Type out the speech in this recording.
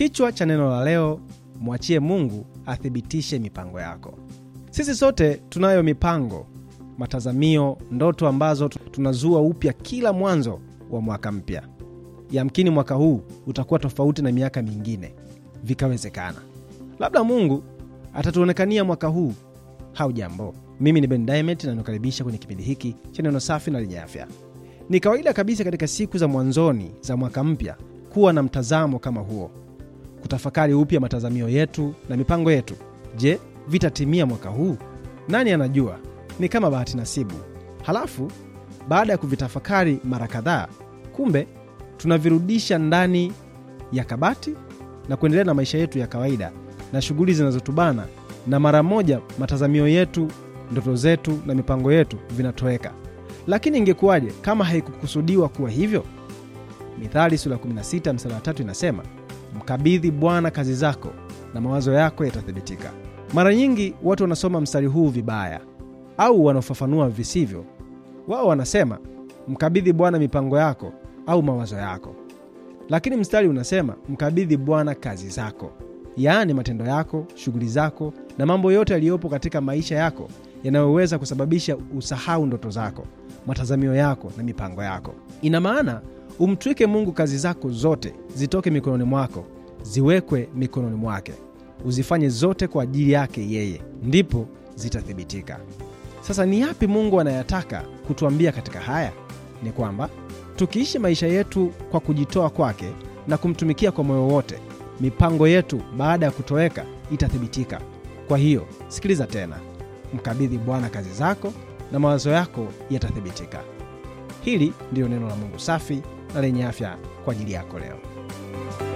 Kichwa cha neno la leo, mwachie Mungu athibitishe mipango yako. Sisi sote tunayo mipango, matazamio, ndoto ambazo tunazua upya kila mwanzo wa mwaka mpya. Yamkini mwaka huu utakuwa tofauti na miaka mingine, vikawezekana. Labda Mungu atatuonekania mwaka huu. hau jambo mimi ni Ben Diamond na nakaribisha kwenye kipindi hiki cha neno safi na lenye afya. Ni kawaida kabisa katika siku za mwanzoni za mwaka mpya kuwa na mtazamo kama huo kutafakari upya matazamio yetu na mipango yetu. Je, vitatimia mwaka huu? Nani anajua? Ni kama bahati nasibu. Halafu baada ya kuvitafakari mara kadhaa, kumbe tunavirudisha ndani ya kabati na kuendelea na maisha yetu ya kawaida na shughuli zinazotubana, na mara moja matazamio yetu, ndoto zetu na mipango yetu vinatoweka. Lakini ingekuwaje kama haikukusudiwa kuwa hivyo? Mithali sura 16 mstari wa 3 inasema Mkabidhi Bwana kazi zako na mawazo yako yatathibitika. Mara nyingi watu wanasoma mstari huu vibaya au wanaofafanua visivyo. Wao wanasema mkabidhi Bwana mipango yako au mawazo yako, lakini mstari unasema mkabidhi Bwana kazi zako, yaani matendo yako, shughuli zako na mambo yote yaliyopo katika maisha yako yanayoweza kusababisha usahau ndoto zako, matazamio yako na mipango yako. Ina maana Umtwike Mungu kazi zako zote, zitoke mikononi mwako, ziwekwe mikononi mwake, uzifanye zote kwa ajili yake yeye, ndipo zitathibitika. Sasa ni yapi Mungu anayataka kutuambia katika haya? Ni kwamba tukiishi maisha yetu kwa kujitoa kwake na kumtumikia kwa moyo wote, mipango yetu baada ya kutoweka itathibitika. Kwa hiyo sikiliza tena, mkabidhi Bwana kazi zako na mawazo yako yatathibitika. Hili ndiyo neno la Mungu safi na lenye afya kwa ajili yako leo.